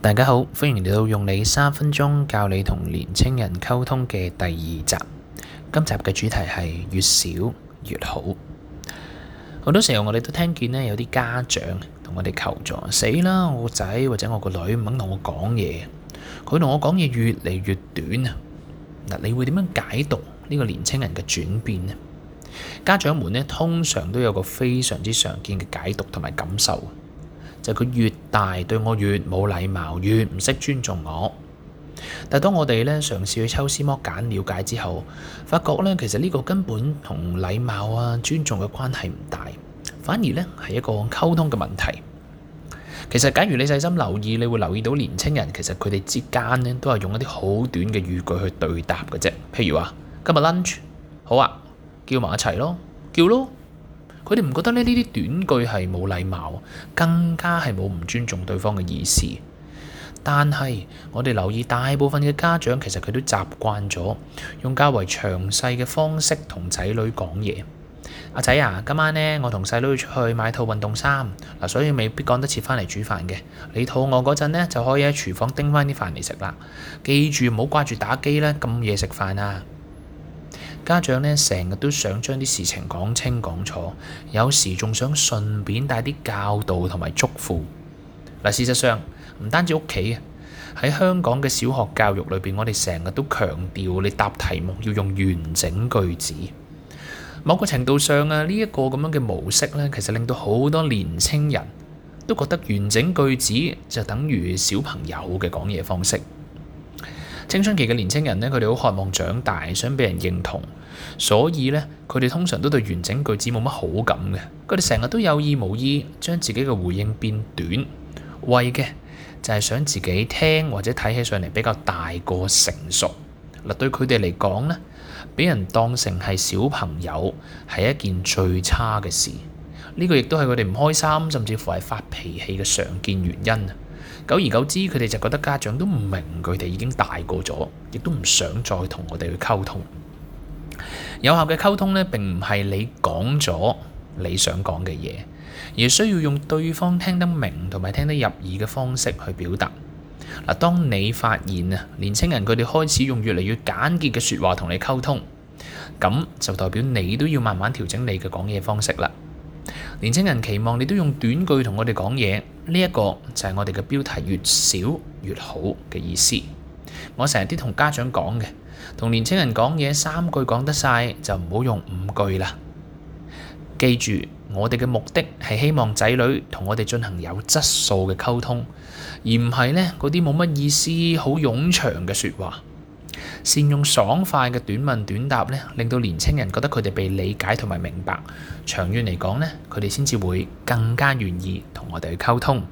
大家好，歡迎嚟到用你三分鐘教你同年青人溝通嘅第二集。今集嘅主題係越少越好。好多時候我哋都聽見呢，有啲家長同我哋求助，死啦，我個仔或者我個女唔肯同我講嘢，佢同我講嘢越嚟越短啊。嗱，你會點樣解讀呢個年青人嘅轉變呢？家長們呢，通常都有個非常之常見嘅解讀同埋感受。就佢越大，對我越冇禮貌，越唔識尊重我。但係當我哋咧嘗試去抽絲剝繭了解之後，發覺咧其實呢個根本同禮貌啊、尊重嘅關係唔大，反而咧係一個溝通嘅問題。其實假如你細心留意，你會留意到年青人其實佢哋之間咧都係用一啲好短嘅語句去對答嘅啫。譬如話今日 lunch 好啊，叫埋一齊咯，叫咯。佢哋唔覺得咧呢啲短句係冇禮貌，更加係冇唔尊重對方嘅意思。但係我哋留意大部分嘅家長其實佢都習慣咗用較為詳細嘅方式同仔女講嘢。阿仔啊，今晚呢，我同細佬要出去買套運動衫嗱，所以未必趕得切返嚟煮飯嘅。你肚餓嗰陣呢就可以喺廚房叮翻啲飯嚟食啦。記住唔好掛住打機啦，咁夜食飯啊！家長咧成日都想將啲事情講清講楚，有時仲想順便帶啲教導同埋祝福。嗱，事實上唔單止屋企啊，喺香港嘅小學教育裏邊，我哋成日都強調你答題目要用完整句子。某個程度上啊，呢一個咁樣嘅模式咧，其實令到好多年青人都覺得完整句子就等於小朋友嘅講嘢方式。青春期嘅年青人呢，佢哋好渴望長大，想畀人認同，所以呢，佢哋通常都對完整句子冇乜好感嘅。佢哋成日都有意無意將自己嘅回應變短，為嘅就係想自己聽或者睇起上嚟比較大個成熟。嗱，對佢哋嚟講呢，畀人當成係小朋友，係一件最差嘅事。呢個亦都係佢哋唔開心，甚至乎係發脾氣嘅常見原因。久而久之，佢哋就覺得家長都唔明佢哋已經大個咗，亦都唔想再同我哋去溝通。有效嘅溝通呢，並唔係你講咗你想講嘅嘢，而需要用對方聽得明同埋聽得入耳嘅方式去表達。嗱，當你發現啊，年青人佢哋開始用越嚟越簡潔嘅説話同你溝通，咁就代表你都要慢慢調整你嘅講嘢方式啦。年青人期望你都用短句同我哋講嘢，呢一個就係我哋嘅標題越少越好嘅意思。我成日啲同家長講嘅，同年青人講嘢三句講得晒，就唔好用五句啦。記住，我哋嘅目的係希望仔女同我哋進行有質素嘅溝通，而唔係呢嗰啲冇乜意思、好冗長嘅説話。善用爽快嘅短問短答咧，令到年輕人覺得佢哋被理解同埋明白，長遠嚟講咧，佢哋先至會更加願意同我哋去溝通。